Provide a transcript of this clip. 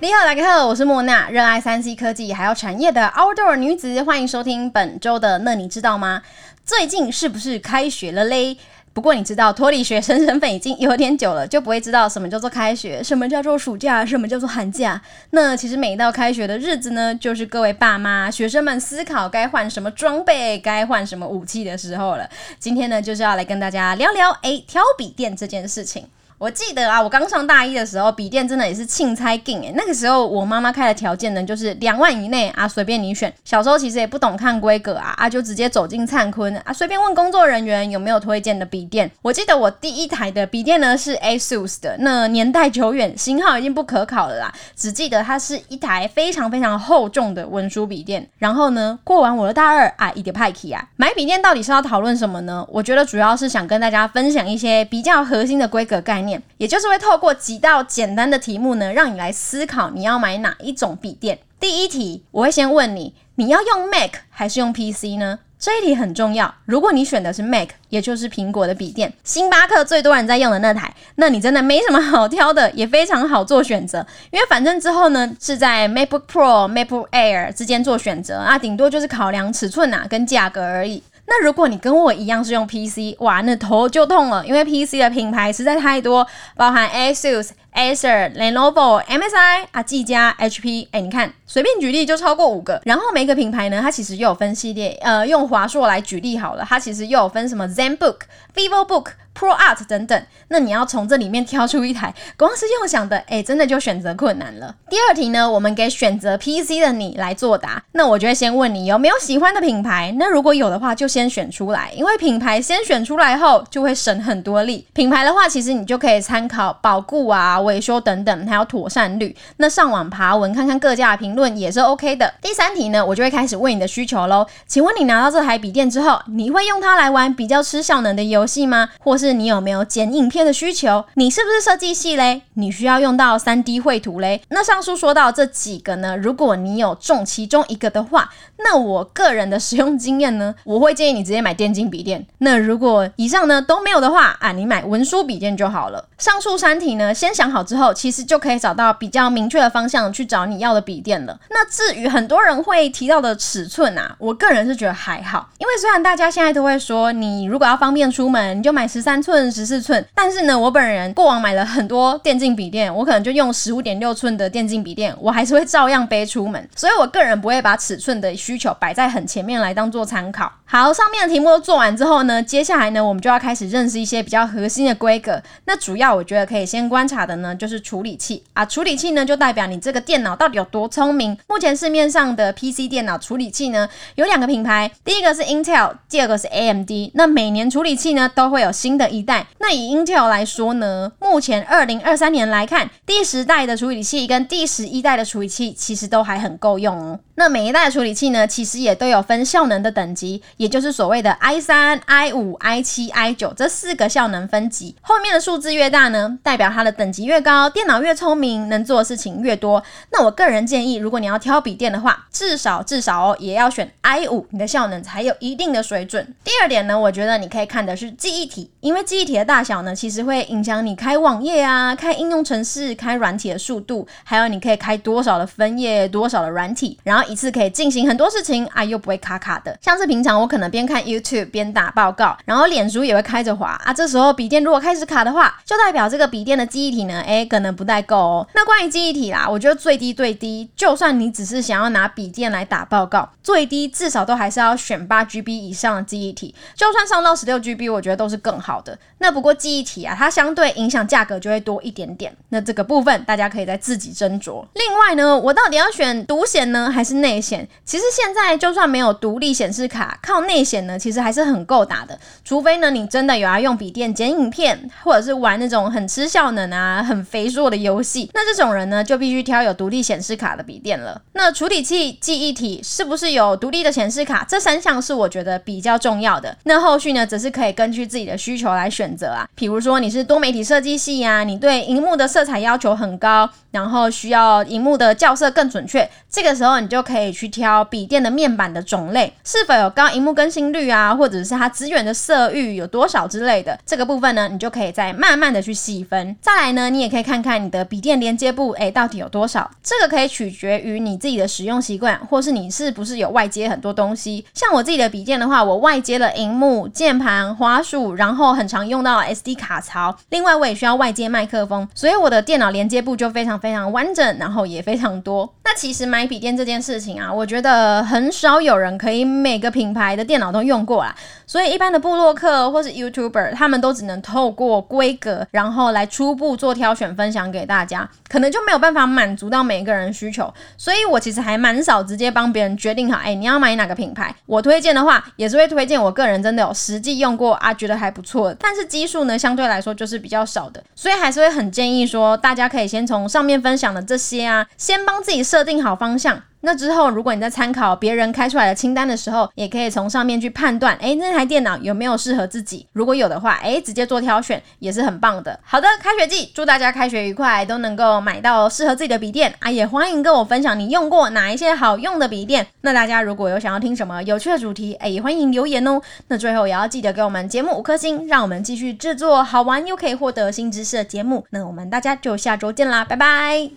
你好，大家好，我是莫娜，熱愛 3C 科技，還有產業的 Outdoor 女子，歡迎收聽本週的那你知道嗎？最近是不是開學了嘞？不過你知道脫離學生身份已經有點久了，就不會知道什麼叫做開學，什麼叫做暑假，什麼叫做寒假。那其實每到開學的日子呢，就是各位爸媽、學生們思考該換什麼裝備、該換什麼武器的時候了。今天呢，就是要來跟大家聊聊誒挑筆電這件事情。我記得啊，我剛上大一的時候，筆電真的也是欽差勁誒、欸，那個時候我媽媽開的條件呢，就是兩萬以內啊，隨便你選。小時候其實也不懂看規格啊，啊就直接走進燦坤啊，隨便問工作人員有沒有推薦的筆電。我記得我第一台的筆電呢是 ASUS 的，那年代久遠，型號已經不可考了啦。只記得它是一台非常非常厚重的文書筆電。然後呢，過完我的大二啊，一點派題啊，買筆電到底是要討論什麼呢？我覺得主要是想跟大家分享一些比較核心的規格概念。也就是會透過幾道簡單的題目呢，讓你來思考你要買哪一種筆電。第一題，我會先問你，你要用 Mac 還是用 PC 呢？這一題很重要。如果你選的是 Mac，也就是蘋果的筆電，星巴克最多人在用的那台，那你真的沒什麼好挑的，也非常好做選擇。因為反正之後呢，是在 MacBook Pro、MacBook Air 之間做選擇啊，頂多就是考量尺寸啊跟價格而已。那如果你跟我一樣是用 PC，哇，那頭就痛了，因為 PC 的品牌實在太多，包含 ASUS。acer、lenovo MS、msi 啊、技嘉 hp、哎，你看隨便舉例就超過五個，然後每個品牌呢，它其實又有分系列。呃，用華碩來舉例好了，它其實又有分什麼 zenbook、vivo book、pro art 等等。那你要從這裡面挑出一台，光是用想的，哎，欸，真的就選擇困難了。第二題呢，我們給選擇 pc 的你來作答。那我就會先問你有沒有喜歡的品牌，那如果有的話，就先選出來，因為品牌先選出來後，就會省很多力。品牌的話，其實你就可以參考保固啊。維修等等，還有妥善率。那上網爬文看看各家的評論也是 OK 的。第三題呢，我就會開始問你的需求嘍。請問你拿到這台筆電之後，你會用它來玩比較吃效能的遊戲嗎？或是你有沒有剪影片的需求？你是不是設計系嘞？你需要用到 3D 繪圖嘞？那上述說到這幾個呢，如果你有中其中一個的話，那我個人的使用經驗呢，我會建議你直接買電競筆電。那如果以上呢都沒有的話，啊，你買文書筆電就好了。上述三題呢，先想。好之後，其實就可以找到比較明確的方向去找你要的筆電了。那至於很多人會提到的尺寸啊，我個人是覺得還好，因為雖然大家現在都會說，你如果要方便出門，你就買十三寸、十四寸，但是呢，我本人過往買了很多電競筆電，我可能就用十五點六寸的電競筆電，我還是會照樣背出門，所以我個人不會把尺寸的需求擺在很前面來當做參考。好，上面的題目都做完之後呢，接下來呢，我們就要開始認識一些比較核心的規格。那主要我覺得可以先觀察的。呢，就是處理器啊，處理器呢就代表你這個電腦到底有多聰明。目前市面上的 PC 電腦處理器呢，有兩個品牌，第一個是 Intel，第二個是 AMD。那每年處理器呢都會有新的一代。那以 Intel 來說呢，目前二零二三年來看，第十代的處理器跟第十一代的處理器其實都還很夠用哦。那每一代的處理器呢，其實也都有分效能的等級，也就是所謂的 i3、i5、i7、i9，這四個效能分級。後面的數字越大呢，代表它的等級越高，電腦越聰明，能做的事情越多。那我個人建議，如果你要挑筆電的話。至少至少哦，也要選 i5，你的效能才有一定的水準。第二點呢，我覺得你可以看的是記憶體，因為記憶體的大小呢，其實會影響你開網頁啊、開應用程式、開軟體的速度，還有你可以開多少的分頁、多少的軟體，然後一次可以進行很多事情啊，又不會卡卡的。像是平常我可能邊看 YouTube 邊打報告，然後臉書也會開着滑啊，這時候筆電如果開始卡的話，就代表這個筆電的記憶體呢，哎、欸，可能不太夠哦。那關於記憶體啦，我覺得最低最低，就算你只是想要拿筆。筆電來打報告，最低至少都還是要選八 GB 以上的記憶體，就算上到十六 GB，我覺得都是更好的。那不過記憶體啊，它相對影響價格就會多一點點。那這個部分大家可以再自己斟酌。另外呢，我到底要選獨顯呢，還是內顯？其實現在就算沒有獨立顯示卡，靠內顯呢，其實還是很夠打的。除非呢，你真的有要用筆電剪影片，或者是玩那種很吃效能啊、很肥碩的遊戲，那這種人呢，就必須挑有獨立顯示卡的筆電了。那處理器。記憶體是不是有獨立的顯示卡？這三項是我覺得比較重要的。那後續呢，則是可以根據自己的需求來選擇啊。比如說你是多媒體設計系啊，你對熒幕的色彩要求很高，然後需要熒幕的校色更準確，這個時候你就可以去挑筆電的面板的種類，是否有高熒幕更新率啊，或者是它支援的色域有多少之類的。這個部分呢，你就可以再慢慢的去細分。再來呢，你也可以看看你的筆電連接埠，哎、欸，到底有多少？這個可以取決於你自己的使用習慣。或是你是不是有外接很多東西？像我自己的筆電的話，我外接了螢幕、鍵盤、滑鼠，然後很常用到 SD 卡槽。另外，我也需要外接麥克風，所以我的電腦連接埠，就非常非常完整，然後也非常多。那其實買筆電這件事情啊，我覺得很少有人可以每個品牌的電腦都用過啦。所以一般的部落客或是 YouTuber 他們都只能透過規格，然後來初步做挑選，分享給大家，可能就沒有辦法滿足到每一個人需求。所以我其實還蠻少。直接幫別人決定好，哎、欸，你要買哪個品牌？我推薦的話，也是會推薦我個人真的有實際用過啊，覺得還不錯的。但是基數呢，相對來說就是比較少的，所以還是會很建議說，大家可以先從上面分享的這些啊，先幫自己設定好方向。那之後，如果你在參考別人開出來的清單的時候，也可以從上面去判斷，欸，那台電腦有沒有適合自己？如果有的話，欸，直接做挑選也是很棒的。好的，開學季，祝大家開學愉快，都能夠買到適合自己的筆電啊！也歡迎跟我分享你用過哪一些好用的筆電。那大家如果有想要聽什麼有趣的主題，欸，也歡迎留言哦。那最後也要記得給我們節目五顆星，讓我們繼續製作好玩又可以獲得新知識的節目。那我們大家就下週見啦，拜拜。